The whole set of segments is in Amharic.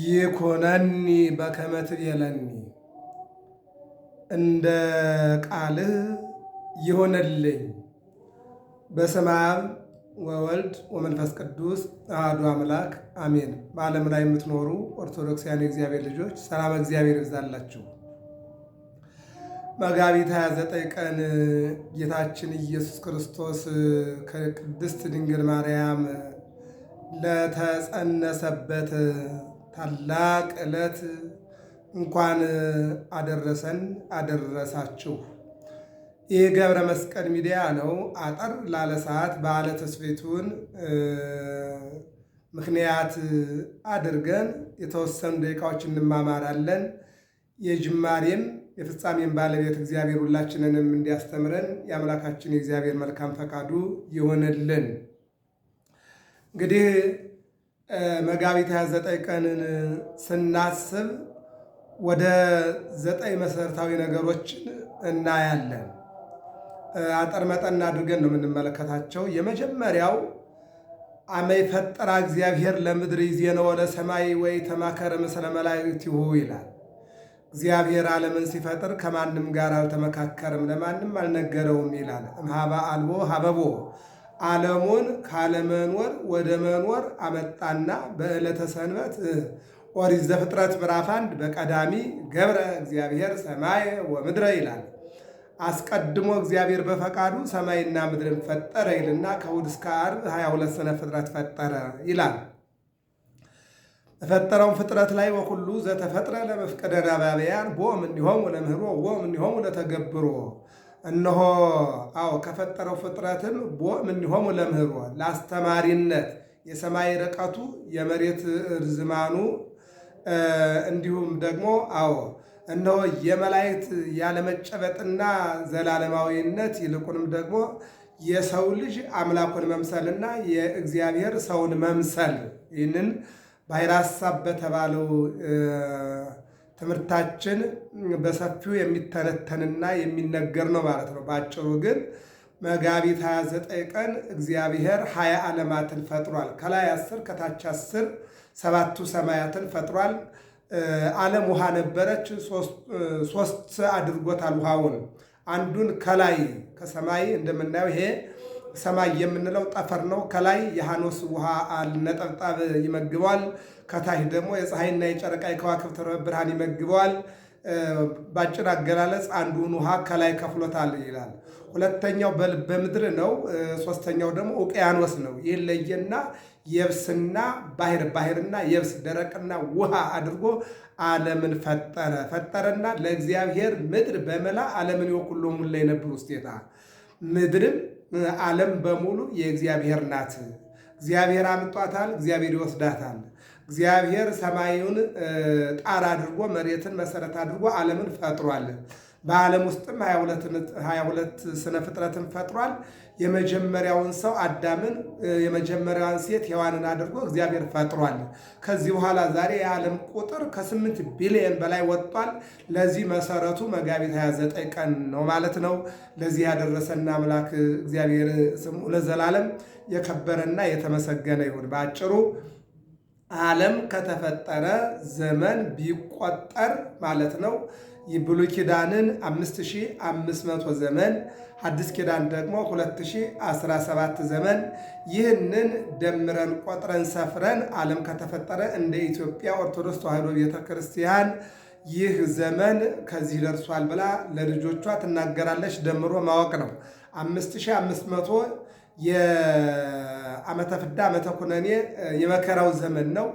ይኩነኒ በከመ ትቤለኒ እንደ ቃልህ ይሆነልኝ። በስመ አብ ወወልድ ወመንፈስ ቅዱስ አሐዱ አምላክ አሜን። በዓለም ላይ የምትኖሩ ኦርቶዶክሳውያን የእግዚአብሔር ልጆች ሰላም እግዚአብሔር ይብዛላችሁ። መጋቢት 29 ቀን ጌታችን ኢየሱስ ክርስቶስ ከቅድስት ድንግል ማርያም ለተጸነሰበት ታላቅ ዕለት እንኳን አደረሰን አደረሳችሁ። ይህ ገብረ መስቀል ሚዲያ ነው። አጠር ላለ ሰዓት በዓለ ተስቤቱን ምክንያት አድርገን የተወሰኑ ደቂቃዎች እንማማራለን። የጅማሬም የፍጻሜም ባለቤት እግዚአብሔር ሁላችንንም እንዲያስተምረን የአምላካችን የእግዚአብሔር መልካም ፈቃዱ ይሆንልን። እንግዲህ መጋቢት 29 ቀንን ስናስብ ወደ ዘጠኝ መሰረታዊ ነገሮችን እናያለን። አጠር መጠን አድርገን ነው የምንመለከታቸው። የመጀመሪያው አመይ ፈጠራ እግዚአብሔር ለምድር ይዜነወ ለሰማይ ወይ ተማከረ ምስለ መላእክቲሁ ይላል። እግዚአብሔር ዓለምን ሲፈጥር ከማንም ጋር አልተመካከርም፣ ለማንም አልነገረውም ይላል። እምኀበ አልቦ ሀበቦ ዓለሙን ካለመኖር ወደ መኖር አመጣና በዕለተ ሰንበት ኦሪት ዘፍጥረት ምዕራፍ አንድ በቀዳሚ ገብረ እግዚአብሔር ሰማየ ወምድረ ይላል። አስቀድሞ እግዚአብሔር በፈቃዱ ሰማይና ምድርን ፈጠረ ይልና ከእሑድ እስከ ዓርብ 22 ስነ ፍጥረት ፈጠረ ይላል። በፈጠረውን ፍጥረት ላይ ወኩሉ ዘተፈጥረ ለመፍቀደ ነባብያን ቦም እንዲሆሙ ለምህሮ ወም እንዲሆሙ ለተገብሮ እነሆ አዎ ከፈጠረው ፍጥረትም ቦ ምንሆሙ ለምህሮ ለአስተማሪነት የሰማይ ርቀቱ የመሬት ርዝማኑ እንዲሁም ደግሞ አዎ እነሆ የመላእክት ያለመጨበጥና ዘላለማዊነት ይልቁንም ደግሞ የሰው ልጅ አምላኩን መምሰልና የእግዚአብሔር ሰውን መምሰል ይህንን ባሕረ ሐሳብ በተባለው ትምህርታችን በሰፊው የሚተነተንና የሚነገር ነው ማለት ነው። በአጭሩ ግን መጋቢት 29 ቀን እግዚአብሔር ሀያ ዓለማትን ፈጥሯል። ከላይ አስር ከታች አስር ሰባቱ ሰማያትን ፈጥሯል። ዓለም ውሃ ነበረች፣ ሶስት አድርጎታል። ውሃውን አንዱን ከላይ ከሰማይ እንደምናየው ይሄ ሰማይ የምንለው ጠፈር ነው። ከላይ የሃኖስ ውሃ ነጠብጣብ ይመግበዋል። ከታች ደግሞ የፀሐይና የጨረቃ የከዋክብት ብርሃን ይመግበዋል። ባጭር አገላለጽ አንዱን ውሃ ከላይ ከፍሎታል ይላል። ሁለተኛው በምድር ነው። ሶስተኛው ደግሞ ውቅያኖስ ነው። ይህ ለየና የብስና ባህር ባህርና የብስ ደረቅና ውሃ አድርጎ ዓለምን ፈጠረ ፈጠረና ለእግዚአብሔር ምድር በመላ ዓለምን ወኩሎ ሙላ የነብሩ ውስጤታ ምድርም ዓለም በሙሉ የእግዚአብሔር ናት። እግዚአብሔር አምጧታል፣ እግዚአብሔር ይወስዳታል። እግዚአብሔር ሰማዩን ጣር አድርጎ መሬትን መሰረት አድርጎ ዓለምን ፈጥሯል። በዓለም ውስጥም ሀያ ሁለት ስነ ፍጥረትን ፈጥሯል። የመጀመሪያውን ሰው አዳምን፣ የመጀመሪያውን ሴት ሔዋንን አድርጎ እግዚአብሔር ፈጥሯል። ከዚህ በኋላ ዛሬ የዓለም ቁጥር ከስምንት ቢሊየን በላይ ወጥቷል። ለዚህ መሰረቱ መጋቢት 29 ቀን ነው ማለት ነው። ለዚህ ያደረሰና አምላክ እግዚአብሔር ስሙ ለዘላለም የከበረና የተመሰገነ ይሁን። በአጭሩ ዓለም ከተፈጠረ ዘመን ቢቆጠር ማለት ነው። የብሉይ ኪዳንን 5500 ዘመን አዲስ ኪዳን ደግሞ 2017 ዘመን ይህንን ደምረን ቆጥረን ሰፍረን ዓለም ከተፈጠረ እንደ ኢትዮጵያ ኦርቶዶክስ ተዋሕዶ ቤተ ክርስቲያን ይህ ዘመን ከዚህ ደርሷል ብላ ለልጆቿ ትናገራለች። ደምሮ ማወቅ ነው 5500 ዓመተ ፍዳ ዓመተ ኩነኔ የመከራው ዘመን ነው።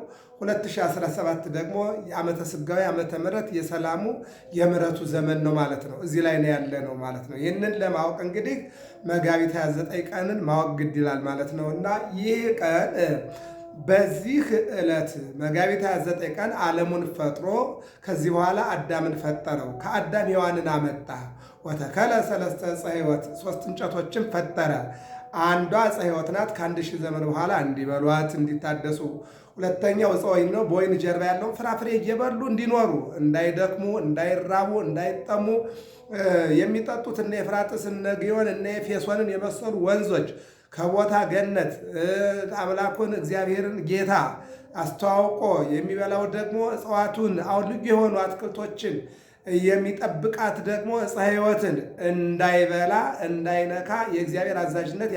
2017 ደግሞ የዓመተ ስጋዊ ዓመተ ምሕረት የሰላሙ የምሕረቱ ዘመን ነው ማለት ነው። እዚህ ላይ ነው ያለ ነው ማለት ነው። ይህንን ለማወቅ እንግዲህ መጋቢት 29 ቀንን ማወቅ ግድ ይላል ማለት ነው እና ይህ ቀን በዚህ ዕለት መጋቢት 29 ቀን ዓለሙን ፈጥሮ ከዚህ በኋላ አዳምን ፈጠረው። ከአዳም ሔዋንን አመጣ። ወተከለ ሰለስተ ዕፀ ሕይወት ሶስት እንጨቶችን ፈጠረ። አንዷ ዕፀ ሕይወት ናት። ከአንድ ሺህ ዘመን በኋላ እንዲበሏት እንዲታደሱ፣ ሁለተኛው ዕፀ ወይን ነው። በወይን ጀርባ ያለውን ፍራፍሬ እየበሉ እንዲኖሩ፣ እንዳይደክሙ፣ እንዳይራቡ፣ እንዳይጠሙ የሚጠጡት እነ ኤፍራጥስ እነ ግዮን እነ ኤፌሶንን የመሰሉ ወንዞች ከቦታ ገነት አምላኩን እግዚአብሔርን ጌታ አስተዋውቆ የሚበላው ደግሞ እጽዋቱን አሁን የሆኑ አትክልቶችን የሚጠብቃት ደግሞ ዕፀ ሕይወትን እንዳይበላ እንዳይነካ የእግዚአብሔር አዛዥነት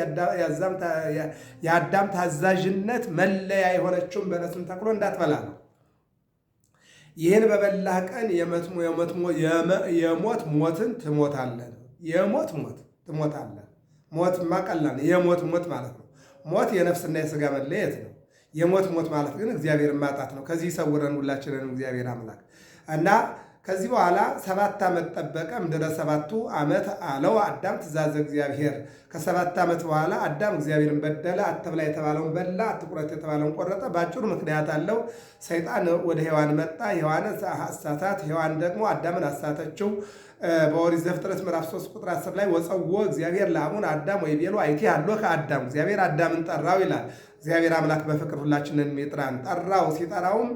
የአዳም ታዛዥነት መለያ የሆነችውን በለስን ተክሎ እንዳትበላ ነው። ይህን በበላህ ቀን የሞት ሞትን ትሞታለህ። የሞት ሞት ትሞታለህ። ሞት ማቀላ የሞት ሞት ማለት ነው። ሞት የነፍስና የስጋ መለየት ነው። የሞት ሞት ማለት ግን እግዚአብሔር ማጣት ነው። ከዚህ ሰውረን ሁላችንን እግዚአብሔር አምላክ እና ከዚህ በኋላ ሰባት ዓመት ጠበቀ። ምድረ ሰባቱ ዓመት አለው አዳም ትእዛዘ እግዚአብሔር። ከሰባት ዓመት በኋላ አዳም እግዚአብሔርን በደለ። አትብላ የተባለውን በላ፣ አትቁረት የተባለውን ቆረጠ። በአጭሩ ምክንያት አለው። ሰይጣን ወደ ሔዋን መጣ፣ ሔዋን አሳታት፣ ሔዋን ደግሞ አዳምን አሳተችው። በኦሪት ዘፍጥረት ምዕራፍ 3 ቁጥር 10 ላይ ወፀዎ እግዚአብሔር ለአሙን አዳም ወይ ቤሎ አይቲ አለው ከአዳም እግዚአብሔር አዳምን ጠራው ይላል። እግዚአብሔር አምላክ በፍቅር ሁላችንን የሚጥራን ጠራው። ሲጠራውም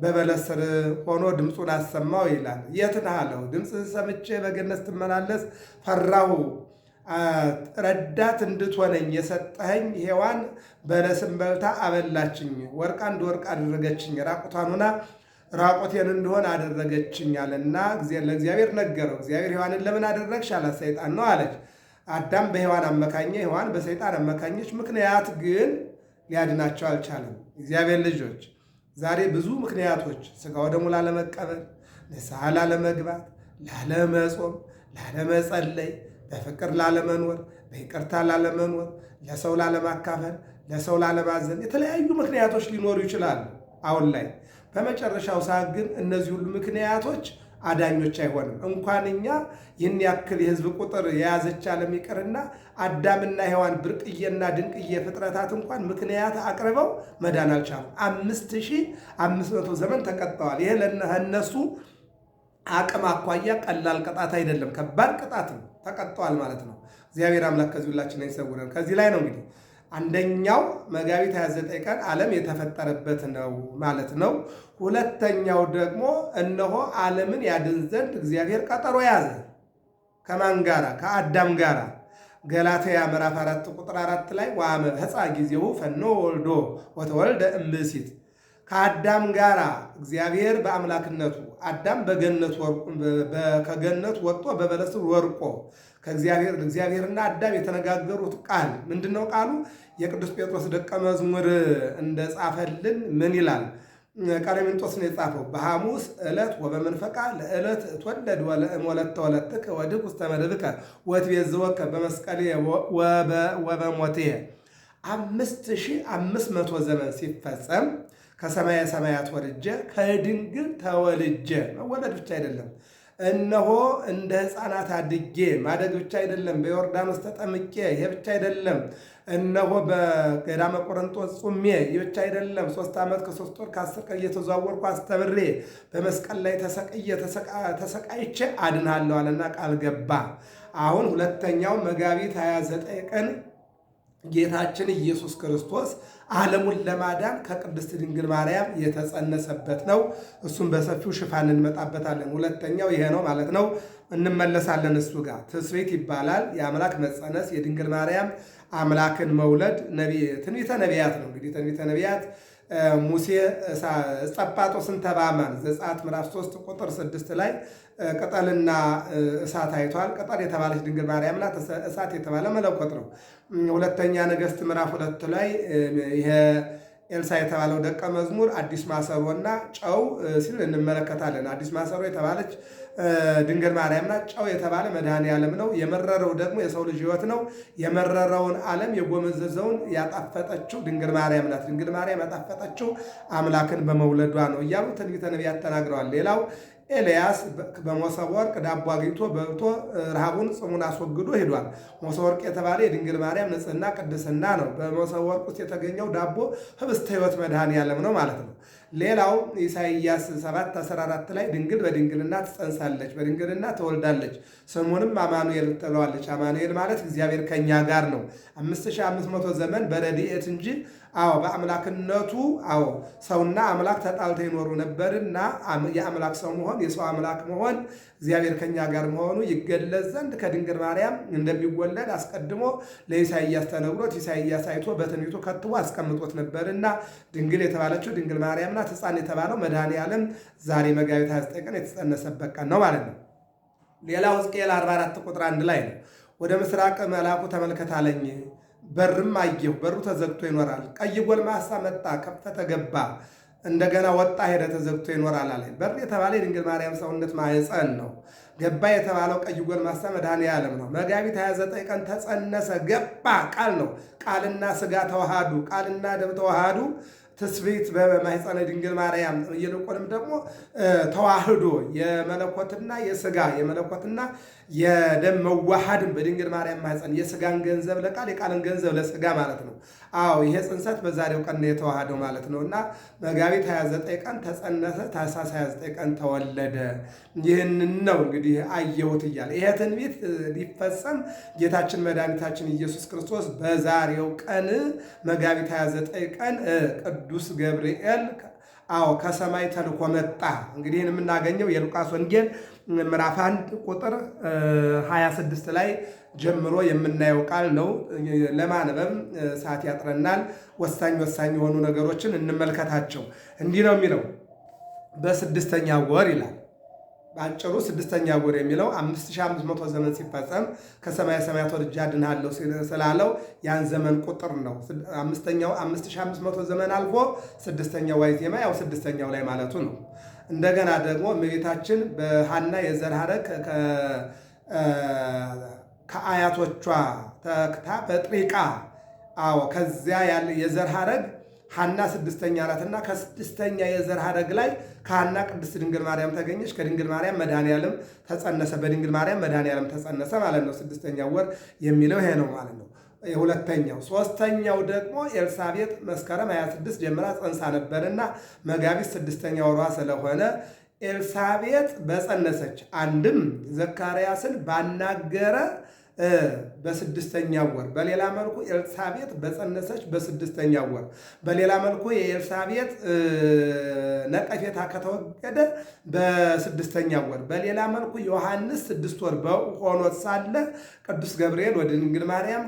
በበለስ ስር ሆኖ ድምፁን አሰማው ይላል። የት ነህ አለው። ድምፅህን ሰምቼ በገነት ስትመላለስ ፈራሁ። ረዳት እንድትሆነኝ የሰጠኸኝ ሔዋን በለስን በልታ አበላችኝ፣ ወርቅ አንድ ወርቅ አደረገችኝ፣ ራቁቷን ሆና ራቁቴን እንደሆን አደረገችኝ አለና ለእግዚአብሔር ነገረው። እግዚአብሔር ሔዋንን ለምን አደረግሽ አላት። ሰይጣን ነው አለች። አዳም በሔዋን አመካኘ፣ ሔዋን በሰይጣን አመካኘች። ምክንያት ግን ሊያድናቸው አልቻለም። እግዚአብሔር ልጆች ዛሬ ብዙ ምክንያቶች ስጋው ደግሞ ላለመቀበል፣ ንስሐ ላለመግባት፣ ላለመጾም፣ ላለመጸለይ፣ በፍቅር ላለመኖር፣ በይቅርታ ላለመኖር፣ ለሰው ላለማካፈል፣ ለሰው ላለማዘን የተለያዩ ምክንያቶች ሊኖሩ ይችላሉ አሁን ላይ። በመጨረሻው ሰዓት ግን እነዚህ ሁሉ ምክንያቶች አዳኞች አይሆንም። እንኳን እኛ ይህን ያክል የህዝብ ቁጥር የያዘች ዓለም ይቅርና አዳምና ሔዋን ብርቅዬና ድንቅዬ ፍጥረታት እንኳን ምክንያት አቅርበው መዳን አልቻሉ። አምስት ሺህ አምስት መቶ ዘመን ተቀጥተዋል። ይሄ ለእነሱ አቅም አኳያ ቀላል ቅጣት አይደለም፣ ከባድ ቅጣት ነው። ተቀጥተዋል ማለት ነው። እግዚአብሔር አምላክ ከዚህ ሁላችን አይሰውረን። ከዚህ ላይ ነው እንግዲህ አንደኛው መጋቢት 29 ቀን ዓለም የተፈጠረበት ነው ማለት ነው። ሁለተኛው ደግሞ እነሆ ዓለምን ያድን ዘንድ እግዚአብሔር ቀጠሮ ያዘ። ከማን ጋራ? ከአዳም ጋራ። ገላትያ ምዕራፍ 4 ቁጥር 4 ላይ ዋመ ሕፃ ጊዜው ፈኖ ወልዶ ወተወልደ እምብእሲት። ከአዳም ጋራ እግዚአብሔር በአምላክነቱ አዳም በገነት ከገነት ወጥቶ በበለስ ወርቆ ከእግዚአብሔር እግዚአብሔርና አዳም የተነጋገሩት ቃል ምንድን ነው? ቃሉ የቅዱስ ጴጥሮስ ደቀ መዝሙር እንደጻፈልን ምን ይላል? ቀሌምንጦስ ነው የጻፈው። በሐሙስ ዕለት ወበመንፈቃ ለዕለት እትወለድ ወለተ ወለትከ ወድኅ ውስተ መደብከ ወትቤዝወከ በመስቀል ወበሞቴ። አምስት ሺህ አምስት መቶ ዘመን ሲፈጸም ከሰማየ ሰማያት ወልጀ ከድንግል ተወልጄ መወለድ ብቻ አይደለም እነሆ እንደ ሕፃናት አድጌ ማደግ ብቻ አይደለም፣ በዮርዳኖስ ተጠምቄ ይሄ ብቻ አይደለም፣ እነሆ በገዳመ ቆሮንጦስ ጹሜ ይህ ብቻ አይደለም፣ ሶስት ዓመት ከሶስት ወር ከአስር ቀን እየተዘዋወርኩ አስተብሬ በመስቀል ላይ ተሰቅዬ ተሰቃይቼ አድንሃለሁ አለና ቃል ገባ። አሁን ሁለተኛው መጋቢት 29 ቀን ጌታችን ኢየሱስ ክርስቶስ ዓለሙን ለማዳን ከቅድስት ድንግል ማርያም የተጸነሰበት ነው። እሱን በሰፊው ሽፋን እንመጣበታለን። ሁለተኛው ይሄ ነው ማለት ነው። እንመለሳለን እሱ ጋር ትስብእት ይባላል። የአምላክ መጸነስ፣ የድንግል ማርያም አምላክን መውለድ ትንቢተ ነቢያት ነው። እንግዲህ ትንቢተ ነቢያት ሙሴ እስጠጳጦስን ተባመን ዘጸአት ምዕራፍ 3 ቁጥር 6 ላይ ቅጠልና እሳት አይቷል። ቅጠል የተባለች ድንግል ማርያም ናት። እሳት የተባለ መለኮት ነው። ሁለተኛ ነገሥት ምዕራፍ ሁለት ላይ ይሄ ኤልሳ የተባለው ደቀ መዝሙር አዲስ ማሰሮ እና ጨው ሲል እንመለከታለን። አዲስ ማሰሮ የተባለች ድንግል ማርያም ናት። ጨው የተባለ መድኃኔ ዓለም ነው። የመረረው ደግሞ የሰው ልጅ ሕይወት ነው። የመረረውን ዓለም የጎመዘዘውን ያጣፈጠችው ድንግል ማርያም ናት። ድንግል ማርያም ያጣፈጠችው አምላክን በመውለዷ ነው እያሉ ትንቢተ ነቢያት ተናግረዋል። ሌላው ኤልያስ በሞሰብ ወርቅ ዳቦ አግኝቶ በልቶ ረሃቡን ጽሙን አስወግዶ ሄዷል። ሞሰብ ወርቅ የተባለ የድንግል ማርያም ንጽህና ቅድስና ነው። በሞሰብ ወርቅ ውስጥ የተገኘው ዳቦ ህብስተ ሕይወት መድኃኔዓለም ነው ማለት ነው። ሌላው ኢሳይያስ 7 14 ላይ ድንግል በድንግልና ትጸንሳለች፣ በድንግልና ትወልዳለች፣ ስሙንም አማኑኤል ትለዋለች። አማኑኤል ማለት እግዚአብሔር ከኛ ጋር ነው። 5500 ዘመን በረድኤት እንጂ አዎ በአምላክነቱ አዎ ሰውና አምላክ ተጣልተው ይኖሩ ነበርና የአምላክ ሰው መሆን የሰው አምላክ መሆን እግዚአብሔር ከኛ ጋር መሆኑ ይገለጽ ዘንድ ከድንግል ማርያም እንደሚወለድ አስቀድሞ ለኢሳይያስ ተነግሮት ኢሳይያስ አይቶ በትንቢቱ ከትቦ አስቀምጦት ነበርና ድንግል የተባለችው ድንግል ማርያም ናት። ሕፃን የተባለው መድኃኔ ዓለም ዛሬ መጋቢት 29 ቀን የተጸነሰበት ቀን ነው ማለት ነው። ሌላው ሕዝቅኤል 44 ቁጥር አንድ ላይ ነው ወደ ምስራቅ መልአኩ ተመልከት አለኝ በርም አየሁ፣ በሩ ተዘግቶ ይኖራል። ቀይ ጎልማሳ መጣ፣ ከፈተ፣ ገባ፣ እንደገና ወጣ፣ ሄደ፣ ተዘግቶ ይኖራል አለ። በር የተባለ የድንግል ማርያም ሰውነት ማኅፀን ነው። ገባ የተባለው ቀይ ጎልማሳ መድኃኔዓለም ነው። መጋቢት 29 ቀን ተጸነሰ፣ ገባ ቃል ነው። ቃልና ስጋ ተዋሃዱ፣ ቃልና ደም ተዋሃዱ። ትስብእት በማኅፀነ ድንግል ማርያም ይልቁንም ደግሞ ተዋህዶ የመለኮትና የሥጋ የመለኮትና የደም መዋሃድን በድንግል ማርያም ማኅፀን የሥጋን ገንዘብ ለቃል የቃልን ገንዘብ ለሥጋ ማለት ነው። አዎ ይሄ ጽንሰት በዛሬው ቀን የተዋሃደው ማለት ነው እና መጋቢት 29 ቀን ተጸነሰ፣ ታኅሳስ 29 ቀን ተወለደ። ይህንን ነው እንግዲህ አየሁት እያለ ይሄ ትንቢት ሊፈጸም ጌታችን መድኃኒታችን ኢየሱስ ክርስቶስ በዛሬው ቀን መጋቢት 29 ቀን ቅዱስ ገብርኤል አዎ ከሰማይ ተልኮ መጣ። እንግዲህ የምናገኘው የሉቃስ ወንጌል ምዕራፍ 1 ቁጥር 26 ላይ ጀምሮ የምናየው ቃል ነው። ለማንበብ ሰዓት ያጥረናል። ወሳኝ ወሳኝ የሆኑ ነገሮችን እንመልከታቸው። እንዲህ ነው የሚለው በስድስተኛ ወር ይላል። በአጭሩ ስድስተኛ ወር የሚለው 5500 ዘመን ሲፈጸም ከሰማይ ሰማያት ወርጄ አድንሃለሁ ስላለው ያን ዘመን ቁጥር ነው። አምስተኛው 5500 ዘመን አልፎ ስድስተኛው ዋይዜማ ያው ስድስተኛው ላይ ማለቱ ነው። እንደገና ደግሞ እመቤታችን በሐና የዘር ሐረግ ከአያቶቿ ተክታ በጥሪቃ አዎ ከዚያ ያለ የዘር ሐረግ ሐና ስድስተኛ ናትና ከስድስተኛ የዘር ሐረግ ላይ ከሐና ቅድስት ድንግል ማርያም ተገኘች። ከድንግል ማርያም መድኃኔዓለም ተጸነሰ። በድንግል ማርያም መድኃኔዓለም ተጸነሰ ማለት ነው። ስድስተኛው ወር የሚለው ይሄ ነው ማለት ነው። ሁለተኛው ሶስተኛው ደግሞ ኤልሳቤጥ መስከረም 26 ጀምራ ጸንሳ ነበርና መጋቢት ስድስተኛ ወሯ ስለሆነ ኤልሳቤጥ በጸነሰች አንድም ዘካርያስን ባናገረ በስድስተኛ ወር በሌላ መልኩ ኤልሳቤጥ በጸነሰች በስድስተኛ ወር በሌላ መልኩ የኤልሳቤጥ ነቀፌታ ከተወገደ በስድስተኛ ወር በሌላ መልኩ ዮሐንስ ስድስት ወር በሆኖት ሳለ ቅዱስ ገብርኤል ወደ ድንግል ማርያም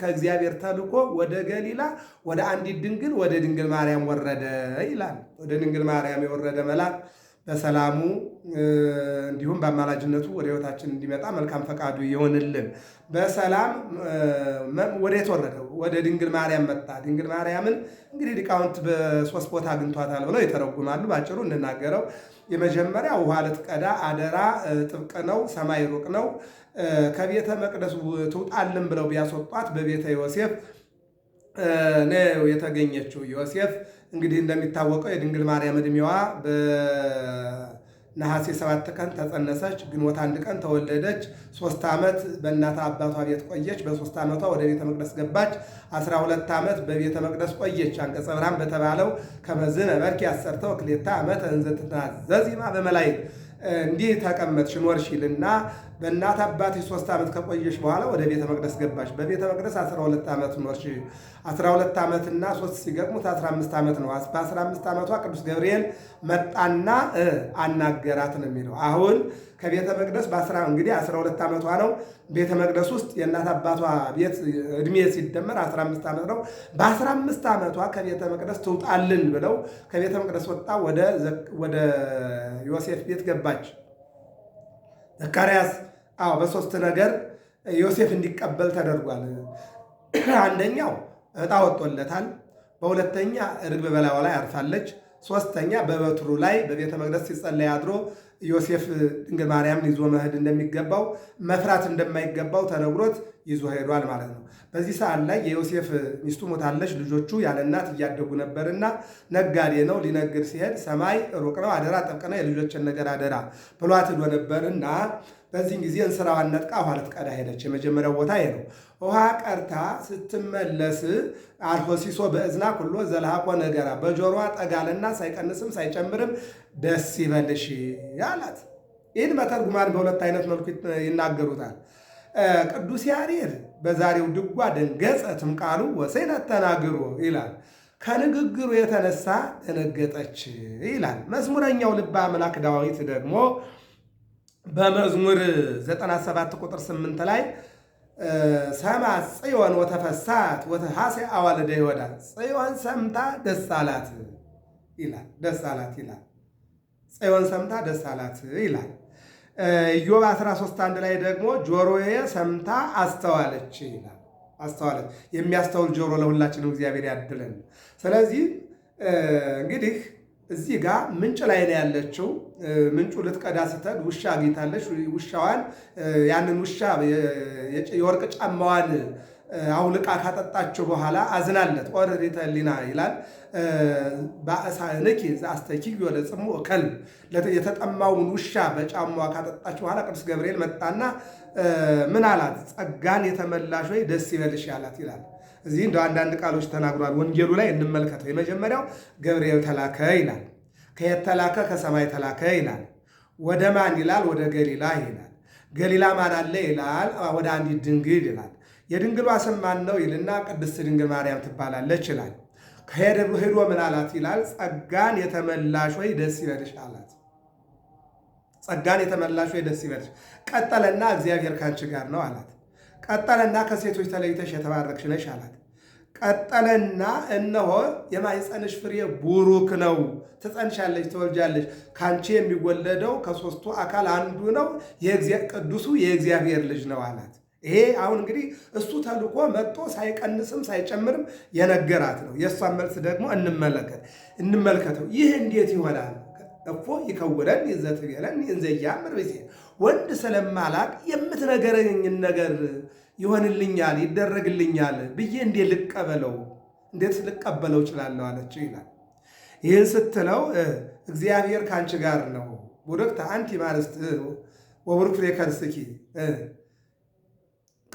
ከእግዚአብሔር ተልኮ ወደ ገሊላ ወደ አንዲት ድንግል ወደ ድንግል ማርያም ወረደ ይላል። ወደ ድንግል ማርያም የወረደ መልአክ በሰላሙ እንዲሁም በአማላጅነቱ ወደ ህይወታችን እንዲመጣ መልካም ፈቃዱ ይሆንልን። በሰላም ወዴት ወረደ? ወደ ድንግል ማርያም መጣ። ድንግል ማርያምን እንግዲህ ሊቃውንት በሶስት ቦታ አግኝቷታል ብለው ይተረጉማሉ። ባጭሩ እንናገረው፣ የመጀመሪያ ውሃ ልትቀዳ አደራ ጥብቅ ነው፣ ሰማይ ሩቅ ነው፣ ከቤተ መቅደስ ትውጣልን ብለው ቢያስወጧት በቤተ ዮሴፍ ነው የተገኘችው። ዮሴፍ እንግዲህ እንደሚታወቀው የድንግል ማርያም እድሜዋ በነሐሴ ሰባት ቀን ተጸነሰች፣ ግንቦት አንድ ቀን ተወለደች። ሶስት ዓመት በእናት አባቷ ቤት ቆየች። በሶስት ዓመቷ ወደ ቤተ መቅደስ ገባች። አስራ ሁለት ዓመት በቤተ መቅደስ ቆየች። አንቀጸ ብርሃን በተባለው ከመዝነ መርኪ ያሰርተው ክሌታ ዓመት እንዘ ዘዚማ በመላይ በመላይት እንዲህ ተቀመጥሽ ኖርሽ ይልና በእናት አባትሽ ሶስት ዓመት ከቆየሽ በኋላ ወደ ቤተ መቅደስ ገባሽ። በቤተ መቅደስ 12 ዓመት ኖርሽ። 12 ዓመትና ሶስት ሲገጥሙት 15 ዓመት ነው። በ15 ዓመቷ ቅዱስ ገብርኤል መጣና አናገራት ነው የሚለው። አሁን ከቤተ መቅደስ እንግዲህ 12 ዓመቷ ነው። ቤተ መቅደስ ውስጥ የእናት አባቷ ቤት እድሜ ሲደመር 15 ዓመት ነው። በ15 ዓመቷ ከቤተ መቅደስ ትውጣልን ብለው ከቤተ መቅደስ ወጣ ወደ ዮሴፍ ቤት ገባች። ዘካርያስ አዎ በሶስት ነገር ዮሴፍ እንዲቀበል ተደርጓል። አንደኛው እጣ ወጥቶለታል። በሁለተኛ ርግብ በላዩ ላይ አርፋለች። ሶስተኛ በበትሩ ላይ በቤተ መቅደስ ሲጸለይ አድሮ ዮሴፍ ድንግል ማርያምን ይዞ መሄድ እንደሚገባው መፍራት እንደማይገባው ተነግሮት ይዞ ሄዷል ማለት ነው። በዚህ ሰዓት ላይ የዮሴፍ ሚስቱ ሞታለች፣ ልጆቹ ያለ እናት እያደጉ ነበርና ነጋዴ ነው። ሊነግድ ሲሄድ ሰማይ ሩቅ ነው፣ አደራ ጠብቀና የልጆችን ነገር አደራ ብሏት ሄዶ ነበርና በዚህን ጊዜ እንስራዋን ነጥቃ ውሃ ልትቀዳ ሄደች። የመጀመሪያው ቦታ ይሄ ነው። ውሃ ቀርታ ስትመለስ አልሆሲሶ በእዝና ሁሎ ዘለሃቆ ነገራ በጆሮዋ ጠጋልና ሳይቀንስም ሳይጨምርም ደስ ይበልሽ አላት። ይህን መተርጉማን በሁለት አይነት መልኩ ይናገሩታል። ቅዱስ ያሬድ በዛሬው ድጓ ደንገጸ ትምቃሉ ወሰይነት ተናግሮ ይላል። ከንግግሩ የተነሳ ደነገጠች ይላል። መዝሙረኛው ልበ አምላክ ዳዊት ደግሞ በመዝሙር 97 ቁጥር 8 ላይ ሰማት ጽዮን ወተፈሳት ወተሐሴ አዋልደ ይወዳ ጽዮን ሰምታ ደስ አላት ይላል። ደስ አላት ይላል። ጽዮን ሰምታ ደስ አላት ይላል። ኢዮብ 13 አንድ ላይ ደግሞ ጆሮዬ ሰምታ አስተዋለች ይላል። አስተዋለች የሚያስተውል ጆሮ ለሁላችንም እግዚአብሔር ያድለን። ስለዚህ እንግዲህ እዚህ ጋር ምንጭ ላይ ነው ያለችው። ምንጩ ልትቀዳ ስትሄድ ውሻ አግኝታለች። ውሻዋን ያንን ውሻ የወርቅ ጫማዋን አውልቃ ካጠጣችው በኋላ አዝናለት ኦርሪተ ህሊና ይላል በእሳንኪ አስተኪ ወደ ጽሙ ከልብ የተጠማውን ውሻ በጫማዋ ካጠጣች በኋላ ቅዱስ ገብርኤል መጣና ምን አላት? ጸጋን የተመላሽ ወይ ደስ ይበልሽ ያላት ይላል እዚህ እንደ አንዳንድ ቃሎች ተናግሯል። ወንጌሉ ላይ እንመልከተው። የመጀመሪያው ገብርኤል ተላከ ይላል። ከየት ተላከ? ከሰማይ ተላከ ይላል። ወደ ማን ይላል? ወደ ገሊላ ይላል። ገሊላ ማን አለ ይላል? ወደ አንዲት ድንግል ይላል። የድንግሏ ስም ማን ነው ይልና ቅድስት ድንግል ማርያም ትባላለች ይላል። ከሄዶ ምን አላት ይላል? ጸጋን የተመላሽ ወይ ደስ ይበልሽ አላት። ጸጋን የተመላሽ ወይ ደስ ይበልሽ። ቀጠለና እግዚአብሔር ከአንቺ ጋር ነው አላት። ቀጠለና ከሴቶች ተለይተሽ የተባረክሽ ነሽ አላት። ቀጠለና እነሆ የማኅፀንሽ ፍሬ ቡሩክ ነው፣ ትጸንሻለች፣ ትወልጃለች፣ ከአንቺ የሚወለደው ከሦስቱ አካል አንዱ ነው፣ ቅዱሱ የእግዚአብሔር ልጅ ነው አላት። ይሄ አሁን እንግዲህ እሱ ተልኮ መጥቶ ሳይቀንስም ሳይጨምርም የነገራት ነው። የእሷን መልስ ደግሞ እንመልከተው። ይህ እንዴት ይሆናል? እፎ ይከውለን ይዘትብለን እንዘ ኢያእምር ወንድ ስለማላቅ የምትነገረኝን ነገር ይሆንልኛል፣ ይደረግልኛል ብዬ እንዴ ልቀበለው እንዴት ልቀበለው እችላለሁ አለችው ይላል። ይህን ስትለው እግዚአብሔር ከአንቺ ጋር ነው ወደቅተ አንቲ ማርስት ወቡሩክ ፍሬ ከርስኪ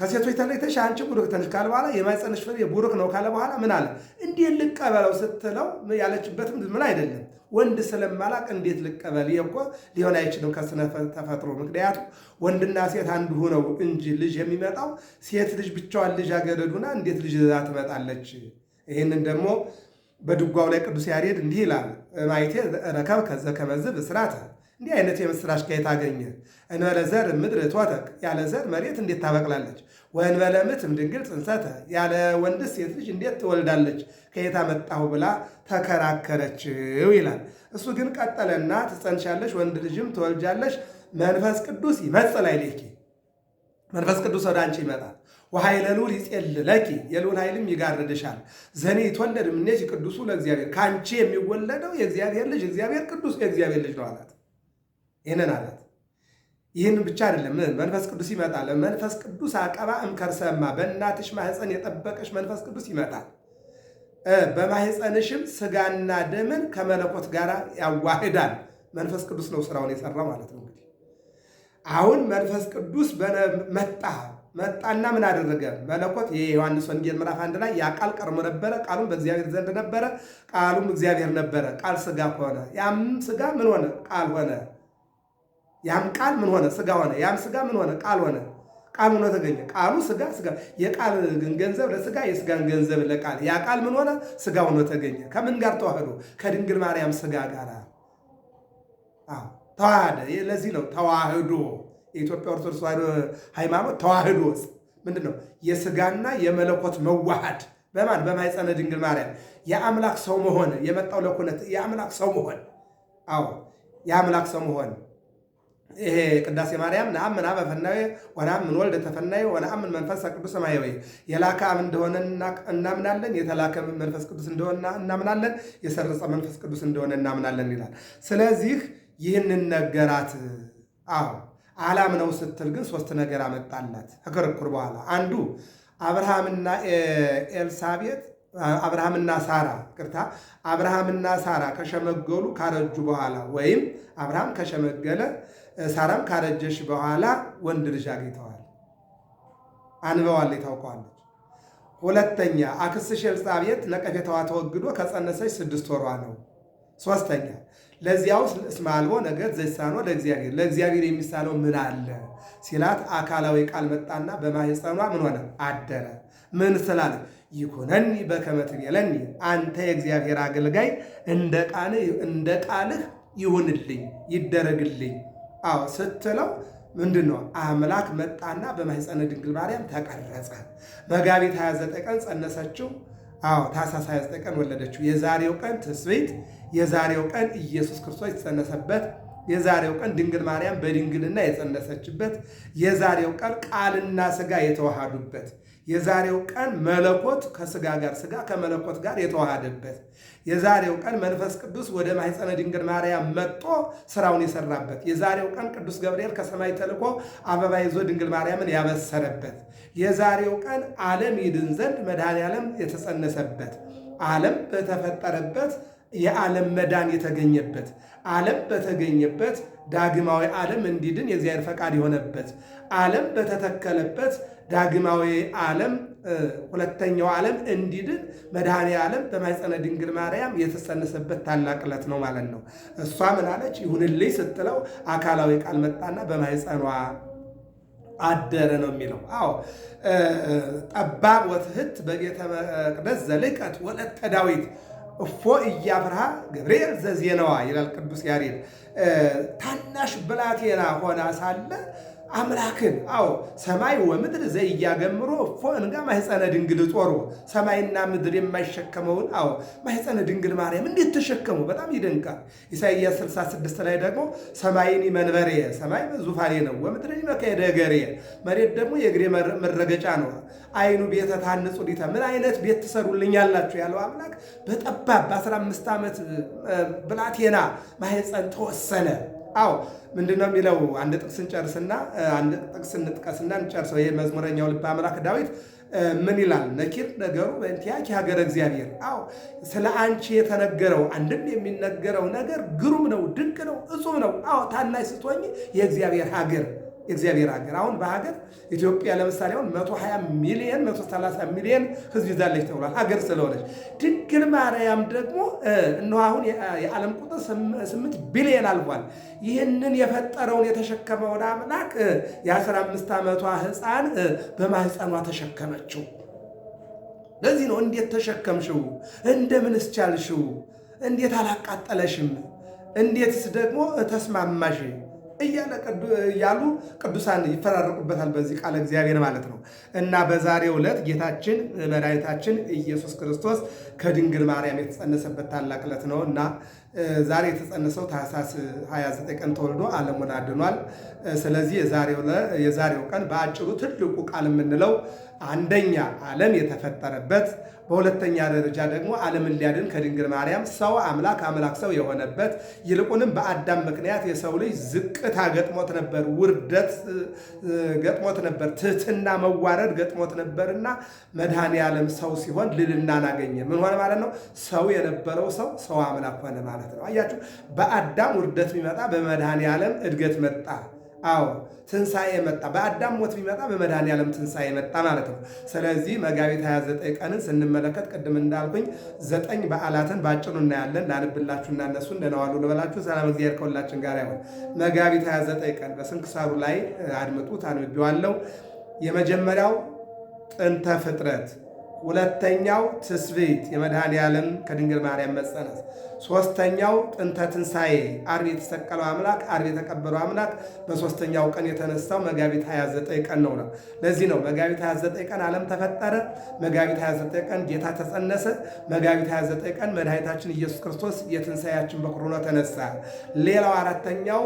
ከሴቶች ተለይተሽ አንቺ ቡሩክ ትንሽ ካለ በኋላ የማኅፀንሽ ፍሬ ቡሩክ ነው ካለ በኋላ ምን አለ? እንዴት ልቀበለው ስትለው ያለችበትም ምን አይደለም ወንድ ስለማላቅ እንዴት ልቀበል እኮ ሊሆን አይችልም ከስነ ተፈጥሮ። ምክንያቱ ወንድና ሴት አንድ ሆነው እንጂ ልጅ የሚመጣው ሴት ልጅ ብቻዋን ልጃገረዱና እንዴት ልጅ ዛ ትመጣለች? ይህንን ደግሞ በድጓው ላይ ቅዱስ ያሬድ እንዲህ ይላል ማይቴ ረከብ ከዘ ከመዝ ብስራተ እንዲህ አይነት የምሥራች ከየት አገኘ? እንበለ ዘር ምድር ትወተቅ፣ ያለ ዘር መሬት እንዴት ታበቅላለች? ወእንበለ ምትም ድንግል ጽንሰተ፣ ያለ ወንድስ ሴት ልጅ እንዴት ትወልዳለች? ከየት አመጣሁ ብላ ተከራከረችው ይላል። እሱ ግን ቀጠለና ትጸንሻለሽ፣ ወንድ ልጅም ትወልጃለሽ፣ መንፈስ ቅዱስ ይመጽእ ላዕሌኪ፣ መንፈስ ቅዱስ ወደ አንቺ ይመጣል ወኃይለ ልዑል ይጼልለኪ የልዑል ኃይልም ይጋርድሻል። ዘኔ ይትወለድ እምኔኪ ቅዱሱ ለእግዚአብሔር፣ ከአንቺ የሚወለደው የእግዚአብሔር ልጅ እግዚአብሔር ቅዱስ የእግዚአብሔር ልጅ ነው አላት። ይህንን አላት። ይህን ብቻ አይደለም። መንፈስ ቅዱስ ይመጣል። መንፈስ ቅዱስ አቀባ እምከርሰማ በእናትሽ ማህፀን የጠበቀሽ መንፈስ ቅዱስ ይመጣል። በማህፀንሽም ስጋና ደምን ከመለኮት ጋር ያዋህዳል። መንፈስ ቅዱስ ነው ስራውን የሰራው ማለት ነው። እንግዲህ አሁን መንፈስ ቅዱስ መጣ መጣና ምን አደረገ? መለኮት የዮሐንስ ወንጌል ምዕራፍ አንድ ላይ ያ ቃል ቀርሞ ነበረ፣ ቃሉም በእግዚአብሔር ዘንድ ነበረ፣ ቃሉም እግዚአብሔር ነበረ። ቃል ስጋ ሆነ። ያም ስጋ ምን ሆነ? ቃል ሆነ። ያም ቃል ምን ሆነ? ስጋ ሆነ። ያም ስጋ ምን ሆነ? ቃል ሆነ። ቃል ሆኖ ተገኘ። ቃሉ ስጋ ስጋ የቃል ገንዘብ ለስጋ የስጋን ገንዘብ ለቃል ያ ቃል ምን ሆነ? ስጋ ሆኖ ተገኘ። ከምን ጋር ተዋህዶ? ከድንግል ማርያም ስጋ ጋር ተዋህደ። ለዚህ ነው ተዋህዶ የኢትዮጵያ ኦርቶዶክስ ተዋህዶ ሃይማኖት ተዋህዶ ምንድን ነው? የስጋና የመለኮት መዋሃድ በማን በማይጸነ ድንግል ማርያም የአምላክ ሰው መሆን የመጣው ለኩነት የአምላክ ሰው መሆን አዎ የአምላክ ሰው መሆን ይሄ ቅዳሴ ማርያም ነአምን አብ ፈናዊ ወነአምን ወልድ ተፈናዊ ወነአምን መንፈስ ቅዱስ ሰማያዊ የላከ አብ እንደሆነ እናምናለን፣ የተላከ መንፈስ ቅዱስ እንደሆነ እናምናለን፣ የሰረጸ መንፈስ ቅዱስ እንደሆነ እናምናለን ይላል። ስለዚህ ይህንን ነገራት። አዎ ነው ስትል ግን ሶስት ነገር አመጣላት ከክርክር በኋላ አንዱ አብርሃምና ኤልሳቤት አብርሃምና ሳራ ቅርታ አብርሃምና ሳራ ከሸመገሉ ካረጁ በኋላ ወይም አብርሃም ከሸመገለ ሳራም ካረጀሽ በኋላ ወንድ ልጅ አግኝተዋል። አንበዋል ታውቀዋለች። ሁለተኛ አክስሽ ኤልሳቤጥ ነቀፌታዋ ተወግዶ ከጸነሰች ስድስት ወሯ ነው። ሶስተኛ ለዚያው እስመ አልቦ ነገድ ለእግዚአብሔር ለእግዚአብሔር የሚሳለው ምን አለ ሲላት አካላዊ ቃል መጣና በማህፀኗ ምን ሆነ አደረ። ምን ስላለ ይኩነኒ በከመ ትቤለኒ አንተ የእግዚአብሔር አገልጋይ እንደ ቃልህ ይሁንልኝ ይደረግልኝ አዎ ስትለው ምንድን ነው አምላክ መጣና በማኅፀነ ድንግል ማርያም ተቀረጸ። መጋቢት 29 ቀን ጸነሰችው። አዎ ታኅሳስ 29 ቀን ወለደችው። የዛሬው ቀን ትስብእት፣ የዛሬው ቀን ኢየሱስ ክርስቶስ የተጸነሰበት፣ የዛሬው ቀን ድንግል ማርያም በድንግልና የጸነሰችበት፣ የዛሬው ቀን ቃልና ስጋ የተዋሃዱበት የዛሬው ቀን መለኮት ከስጋ ጋር ስጋ ከመለኮት ጋር የተዋሃደበት የዛሬው ቀን መንፈስ ቅዱስ ወደ ማኅፀነ ድንግል ማርያም መጥቶ ስራውን የሰራበት የዛሬው ቀን ቅዱስ ገብርኤል ከሰማይ ተልኮ አበባ ይዞ ድንግል ማርያምን ያበሰረበት የዛሬው ቀን ዓለም ይድን ዘንድ መድኃኔ ዓለም የተጸነሰበት ዓለም በተፈጠረበት የዓለም መዳን የተገኘበት ዓለም በተገኘበት ዳግማዊ ዓለም እንዲድን የእግዚአብሔር ፈቃድ የሆነበት ዓለም በተተከለበት ዳግማዊ ዓለም ሁለተኛው ዓለም እንዲድን መድኃኔ ዓለም በማኅፀነ ድንግል ማርያም የተጸነሰበት ታላቅ ዕለት ነው ማለት ነው። እሷ ምናለች? ይሁንልኝ ስትለው አካላዊ ቃል መጣና በማኅፀኗ አደረ ነው የሚለው። አዎ ጠባብ ወትሕት በቤተ መቅደስ ዘልቀት ወለተ ዳዊት እፎ እያፍርሃ ገብርኤል ዘዜነዋ ይላል ቅዱስ ያሬድ። ታናሽ ብላቴና ሆና ሳለ አምላክን አዎ ሰማይ ወምድር ዘኢያገምሮ እፎ እንጋ ማህፀነ ድንግል ጾሩ ሰማይና ምድር የማይሸከመውን አዎ ማህፀነ ድንግል ማርያም እንዴት ተሸከሙ? በጣም ይደንቃል። ኢሳይያስ 66 ላይ ደግሞ ሰማይን መንበሬ ሰማይ ዙፋኔ ነው፣ ወምድር መካሄደ እገሬ መሬት ደግሞ የእግሬ መረገጫ ነው። አይኑ ቤተ ታንጹ ዲታ ምን አይነት ቤት ያላችሁ ያለው አምላክ በጠባብ በ15 ዓመት ብላቴና ማህፀን ተወሰነ። አዎ ምንድን ነው የሚለው? አንድ ጥቅስ እንጨርስና አንድ ጥቅስ እንጥቀስና እንጨርሰው። ይህ መዝሙረኛው ልበ አምላክ ዳዊት ምን ይላል? ነኪር ነገሩ በእንቲአኪ ሀገረ እግዚአብሔር። አዎ ስለ አንቺ የተነገረው አንድም የሚነገረው ነገር ግሩም ነው፣ ድንቅ ነው፣ እጹም ነው። አዎ ታናሽ ስትሆኝ የእግዚአብሔር ሀገር የእግዚአብሔር ሀገር አሁን በሀገር ኢትዮጵያ ለምሳሌ አሁን 120 ሚሊዮን 130 ሚሊዮን ህዝብ ይዛለች ተብሏል፣ ሀገር ስለሆነች። ድንግል ማርያም ደግሞ እነሆ አሁን የዓለም ቁጥር 8 ቢሊዮን አልፏል። ይህንን የፈጠረውን የተሸከመውን አምላክ የ15 ዓመቷ ህፃን በማህፀኗ ተሸከመችው። ለዚህ ነው እንዴት ተሸከምሽው? እንደምንስ ቻልሽው? እንዴት አላቃጠለሽም? እንዴትስ ደግሞ ተስማማሽ? እያለ ያሉ ቅዱሳን ይፈራረቁበታል በዚህ ቃለ እግዚአብሔር ማለት ነው። እና በዛሬው ዕለት ጌታችን መድኃኒታችን ኢየሱስ ክርስቶስ ከድንግል ማርያም የተጸነሰበት ታላቅ ዕለት ነው እና ዛሬ የተጸነሰው ታኅሳስ 29 ቀን ተወልዶ ዓለሙን አድኗል። ስለዚህ የዛሬው ቀን በአጭሩ ትልቁ ቃል የምንለው አንደኛ ዓለም የተፈጠረበት፣ በሁለተኛ ደረጃ ደግሞ ዓለምን ሊያድን ከድንግል ማርያም ሰው አምላክ አምላክ ሰው የሆነበት፣ ይልቁንም በአዳም ምክንያት የሰው ልጅ ዝቅታ ገጥሞት ነበር፣ ውርደት ገጥሞት ነበር፣ ትህትና መዋረድ ገጥሞት ነበርና መድኃኔ ዓለም ሰው ሲሆን ልልናን አገኘ። ምን ሆነ ማለት ነው? ሰው የነበረው ሰው ሰው አምላክ ሆነ ማለት ነው። አያችሁ፣ በአዳም ውርደት ቢመጣ በመድኃኔ ዓለም እድገት መጣ። አዎ ትንሣኤ መጣ። በአዳም ሞት ቢመጣ በመድኃኒዓለም ትንሣኤ መጣ ማለት ነው። ስለዚህ መጋቢት 29 ቀንን ስንመለከት ቅድም እንዳልኩኝ ዘጠኝ በዓላትን በአጭሩ እናያለን። ላንብላችሁ እናነሱ እንደነዋሉ ልበላችሁ። ሰላም እግዚአብሔር ከሁላችን ጋር ይሁን። መጋቢት 29 ቀን በስንክሳሩ ላይ አድምጡት፣ አንብቤዋለሁ። የመጀመሪያው ጥንተ ፍጥረት፣ ሁለተኛው ትስብእት የመድኃኒዓለም ከድንግል ማርያም መጸነት ሶስተኛው ጥንተ ትንሣኤ አርብ የተሰቀለው አምላክ አርብ የተቀበለው አምላክ በሶስተኛው ቀን የተነሳው መጋቢት 29 ቀን ነው። ለዚህ ነው መጋቢት 29 ቀን ዓለም ተፈጠረ፣ መጋቢት 29 ቀን ጌታ ተጸነሰ፣ መጋቢት 29 ቀን መድኃኒታችን ኢየሱስ ክርስቶስ የትንሣኤያችን በኩር ሆኖ ተነሳ። ሌላው አራተኛው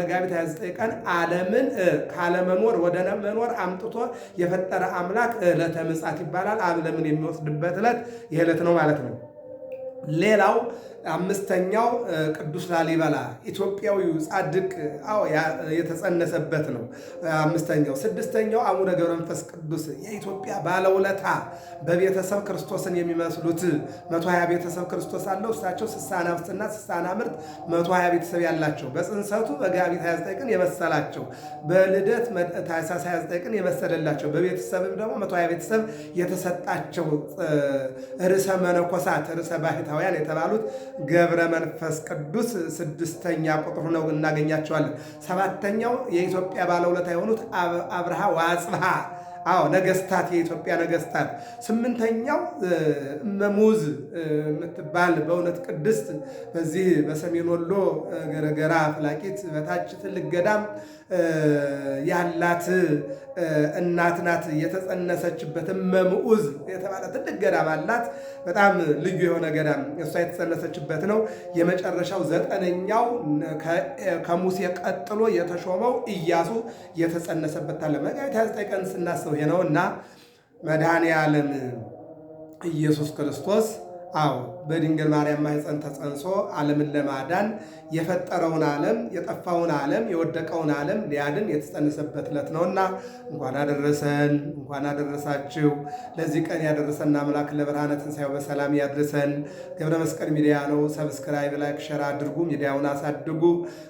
መጋቢት 29 ቀን ዓለምን ካለመኖር ወደ መኖር አምጥቶ የፈጠረ አምላክ ዕለተ ምጽአት ይባላል። ዓለምን የሚወስድበት ዕለት ይህ ዕለት ነው ማለት ነው። ሌላው አምስተኛው ቅዱስ ላሊበላ ኢትዮጵያዊው ጻድቅ የተጸነሰበት ነው። አምስተኛው ስድስተኛው አቡነ ገብረ መንፈስ ቅዱስ የኢትዮጵያ ባለውለታ በቤተሰብ ክርስቶስን የሚመስሉት መቶ ሀያ ቤተሰብ ክርስቶስ አለው። እሳቸው ስሳ ነፍስና ስሳ ምርት መቶ ሀያ ቤተሰብ ያላቸው በጽንሰቱ መጋቢት 29 ቀን የመሰላቸው በልደት ታኅሳስ 29 ቀን የመሰለላቸው በቤተሰብም ደግሞ መቶ ሀያ ቤተሰብ የተሰጣቸው ርዕሰ መነኮሳት ርዕሰ ባህታውያን የተባሉት ገብረ መንፈስ ቅዱስ ስድስተኛ ቁጥር ነው እናገኛቸዋለን። ሰባተኛው የኢትዮጵያ ባለውለታ የሆኑት አብርሃ ወአጽብሃ አዎ ነገስታት፣ የኢትዮጵያ ነገስታት። ስምንተኛው መሙዝ የምትባል በእውነት ቅድስት በዚህ በሰሜን ወሎ ገረገራ ፍላቂት በታች ትልቅ ገዳም ያላት እናት ናት። የተጸነሰችበት መምዑዝ የተባለ ትልቅ ገዳም አላት። በጣም ልዩ የሆነ ገዳም እሷ የተጸነሰችበት ነው። የመጨረሻው ዘጠነኛው ከሙሴ ቀጥሎ የተሾመው እያሱ የተጸነሰበት አለ። መጋቢት 29 ቀን ስናስበው ይሄ ነው እና መድኃኔ ዓለም ኢየሱስ ክርስቶስ አዎ በድንግል ማርያም ማኅፀን ተጸንሶ ዓለምን ለማዳን የፈጠረውን ዓለም የጠፋውን ዓለም የወደቀውን ዓለም ሊያድን የተጸነሰበት ዕለት ነውና እንኳን አደረሰን፣ እንኳን አደረሳችሁ። ለዚህ ቀን ያደረሰን አምላክ ለብርሃነ ትንሣኤው በሰላም ያድርሰን። ገብረ መስቀል ሚዲያ ነው። ሰብስክራይብ፣ ላይክ፣ ሸር አድርጉ፣ ሚዲያውን አሳድጉ።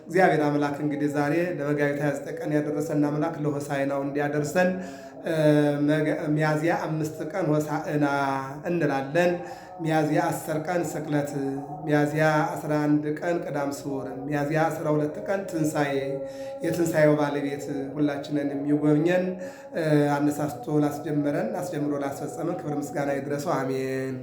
እግዚአብሔር አምላክ እንግዲህ ዛሬ ለመጋቢት 29 ቀን ያደረሰን አምላክ ለሆሳዕናው እንዲያደርሰን ሚያዝያ አምስት ቀን ሆሳዕና እንላለን። ሚያዝያ 10 ቀን ስቅለት፣ ሚያዝያ 11 ቀን ቅዳም ስዑርን፣ ሚያዝያ 12 ቀን ትንሣኤ የትንሣኤው ባለቤት ሁላችንን የሚጎብኘን አነሳስቶ ላስጀመረን አስጀምሮ ላስፈጸመን ክብር ምስጋና ይድረሰው። አሜን።